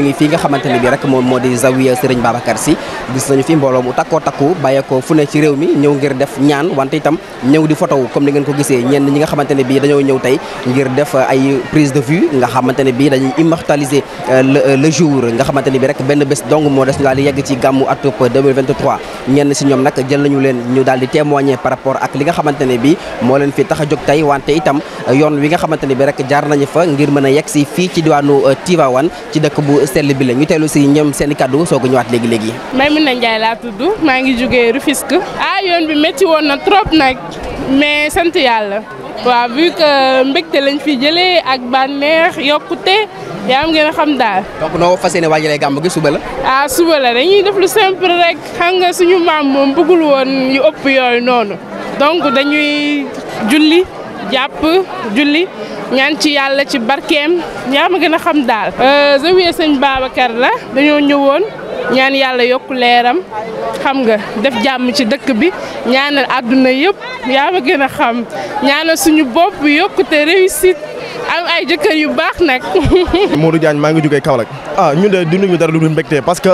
ñu ngi fii nga xamante ne bi rek moom moo di zawiya Serigne Babacar Sy gis nañu fi mbooloo mu takkoo takku bàyyeekoo fu ne ci réew mi ñëw ngir def ñaan wante itam ñëw di photo comme ni ngeen ko gisee ñenn bi dañoo ñëw tey ngir def ay euh, euh, moo des ñu daal di yegg ci gàmmu si ñoom nag jël nañu leen ñu daal di témoigner par rapport ak li nga xamante ne bi moo leen fi tax a jóg tey wante itam euh, yoon wi nga xamante ne bi rek jaar nañu fa ngir mën a yegg si fi ci diwaanu Tivaouane ci dëkk bu sell bi la ñu teelu si ñoom seen kaddu soo ko ñëwaat léegi léegi. Maimouna Ndiaye laa tudd maa ngi jugee Rufisque. ah yoon bi métti woon na trop nag mais sant yàlla. waaw vu que mbégte lañ fi jële ak bànneex yokkute yaa am ngeen xam daal. donc noo fas yéene waajalee gàmm gi suba la. ah suba la dañuy def lu simple rek xam suñu maam moom bëggul woon yu ëpp yooyu noonu donc dañuy julli. jàpp julli ñaan ci yàlla ci barkeem yaa ma gën a xam daal. Euh, zawiya sëñ Babacar la dañoo ñëwoon ñaan yàlla yokku leeram xam nga def jàmm ci dëkk bi ñaanal àdduna yëpp yaa ma gën a xam ñaanal suñu bopp yokkute réussite. am ay jëkkër yu baax nag. Modou Diagne maa ngi jógee Kaolack ah ñun de dundu ñu dara lu dul mbégte parce que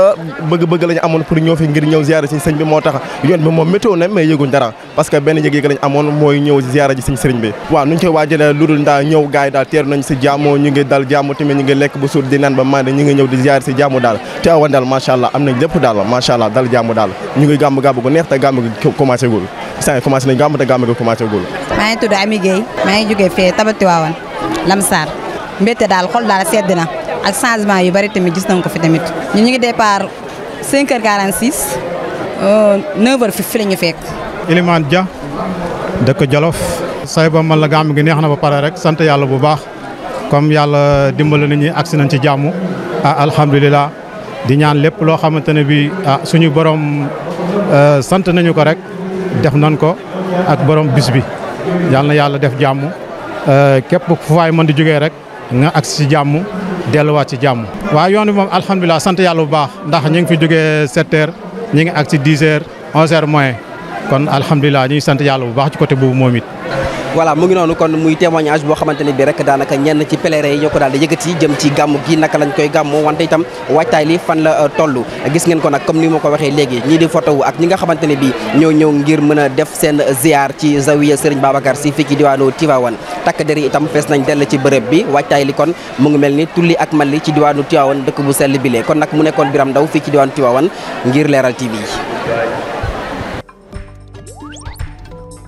bëgg-bëgg la ñu ñëw fi ngir ñëw ziyaara ci sëñ bi moo tax bi moom météo na yëguñ dara parce que benn yëg-yëg lañ mooy ñëw ziyaara ji sëñ sëriñ bi waaw nuñ koy lu dul ndaa ñëw gaay daal teeru nañ ci jàmmo ñu ngi dal jàmmo tamit ñu ngi lekk bu suur di naan ba mande ñu ngi ñëw di ziyaara ci jàmmo daal te awan daal macha am Lamsar mbette daal xol daal sedd na ak changement yu bari tamit gis nañ ko fi tamit ñu ngi départ 5h46 9h fi fi la ñu fekk. Elimane Dia dëkk Jolof. say ba man la gàmm gi neex na ba pare rek sant yàlla bu baax comme yàlla dimbali nañu ñi agsi nañ ci jàmm ah alhamdulilah di ñaan lépp loo xamante ne bii ah suñu borom euh, sant nañu ko rek def nañ ko ak borom bis bi yàlla na yàlla def jàmm. Euh, képp ku faay mën di jógee rek nga ak si jàmm delluwaat ci jàmm. waaw yoon bi moom alhamdulilah sant yàlla bu baax ndax ñu ngi fi jógee 7 heures ñu ngi agsi 10 heures 11 kon alhamdulilah ñuy sant yàlla bu baax ci côté boobu moom it. voilà mu ngi noonu kon muy témoignage boo xamante ne bi rek daanaka ñenn ci pèlerin yi ñoo ko daal di yëkkati jëm ci gàmmu gi naka lañ koy gàmmu wante itam waajtaay li fan la euh, tollu gis ngeen ko nag comme ni ma ko waxee léegi ñii di photo ak ñi nga xamante ne bi ñoo ñëw ngir mën a def seen ziar ci zawiya Serigne Babacar si fii ci diwaanu tiwaawan takk der itam fees nañ dell ci bërëb bi waajtaay li kon mu ngi mel ni tulli ak malli ci diwaanu Tivaouane dëkk bu sell bi lee kon nag mu nekkoon Biram Ndaw fii ci diwaanu Tivaouane ngir Leral TV Thank you.